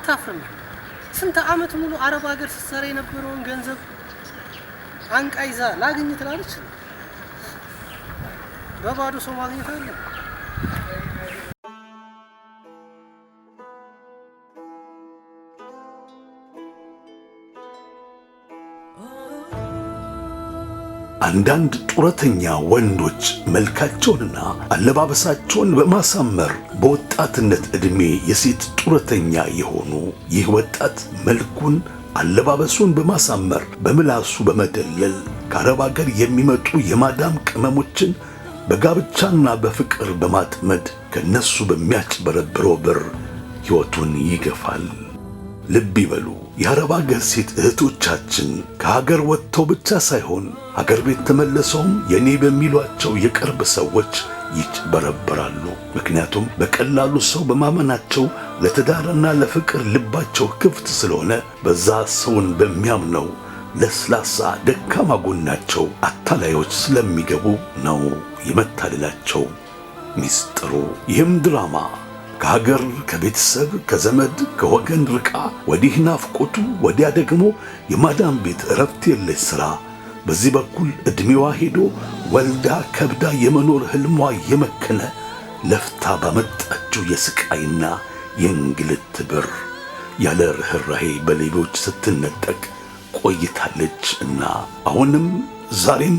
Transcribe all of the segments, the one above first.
አታፍርም? ስንት አመት ሙሉ አረብ ሀገር ስትሰራ የነበረውን ገንዘብ አንቃይዛ ላግኝ ትላለች። በባዶ ሰው ማግኘት አለ አንዳንድ ጡረተኛ ወንዶች መልካቸውንና አለባበሳቸውን በማሳመር በወጣትነት ዕድሜ የሴት ጡረተኛ የሆኑ ይህ ወጣት መልኩን አለባበሱን በማሳመር በምላሱ በመደለል ከአረብ አገር የሚመጡ የማዳም ቅመሞችን በጋብቻና በፍቅር በማጥመድ ከነሱ በሚያጭበረብረው ብር ሕይወቱን ይገፋል። ልብ ይበሉ። የአረብ አገር ሴት እህቶቻችን ከሀገር ወጥተው ብቻ ሳይሆን አገር ቤት ተመለሰውም የኔ በሚሏቸው የቅርብ ሰዎች ይጭበረበራሉ። ምክንያቱም በቀላሉ ሰው በማመናቸው ለትዳርና ለፍቅር ልባቸው ክፍት ስለሆነ በዛ ሰውን በሚያምነው ለስላሳ ደካማ ጎናቸው አታላዮች ስለሚገቡ ነው የመታለላቸው ሚስጥሩ። ይህም ድራማ ከሀገር ከቤተሰብ ከዘመድ ከወገን ርቃ ወዲህ ናፍቆቱ ወዲያ ደግሞ የማዳም ቤት እረፍት የለሽ ሥራ በዚህ በኩል ዕድሜዋ ሄዶ ወልዳ ከብዳ የመኖር ሕልሟ የመከነ ለፍታ ባመጣችው የስቃይና የእንግልት ብር ያለ ርኅራሄ በሌቦች ስትነጠቅ ቆይታለች እና አሁንም ዛሬም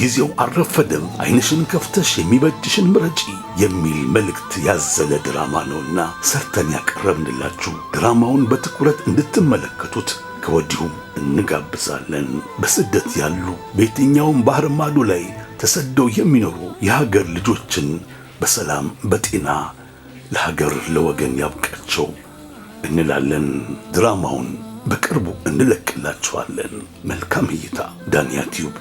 ጊዜው አልረፈደም፣ አይንሽን ከፍተሽ የሚበጅሽን ምረጪ የሚል መልእክት ያዘለ ድራማ ነውና ሰርተን ያቀረብንላችሁ ድራማውን በትኩረት እንድትመለከቱት ከወዲሁም እንጋብዛለን። በስደት ያሉ በየትኛውም ባህር ማዶ ላይ ተሰደው የሚኖሩ የሀገር ልጆችን በሰላም በጤና ለሀገር ለወገን ያብቃቸው እንላለን። ድራማውን በቅርቡ እንለቅላችኋለን። መልካም እይታ። ዳንያ ቲዩብ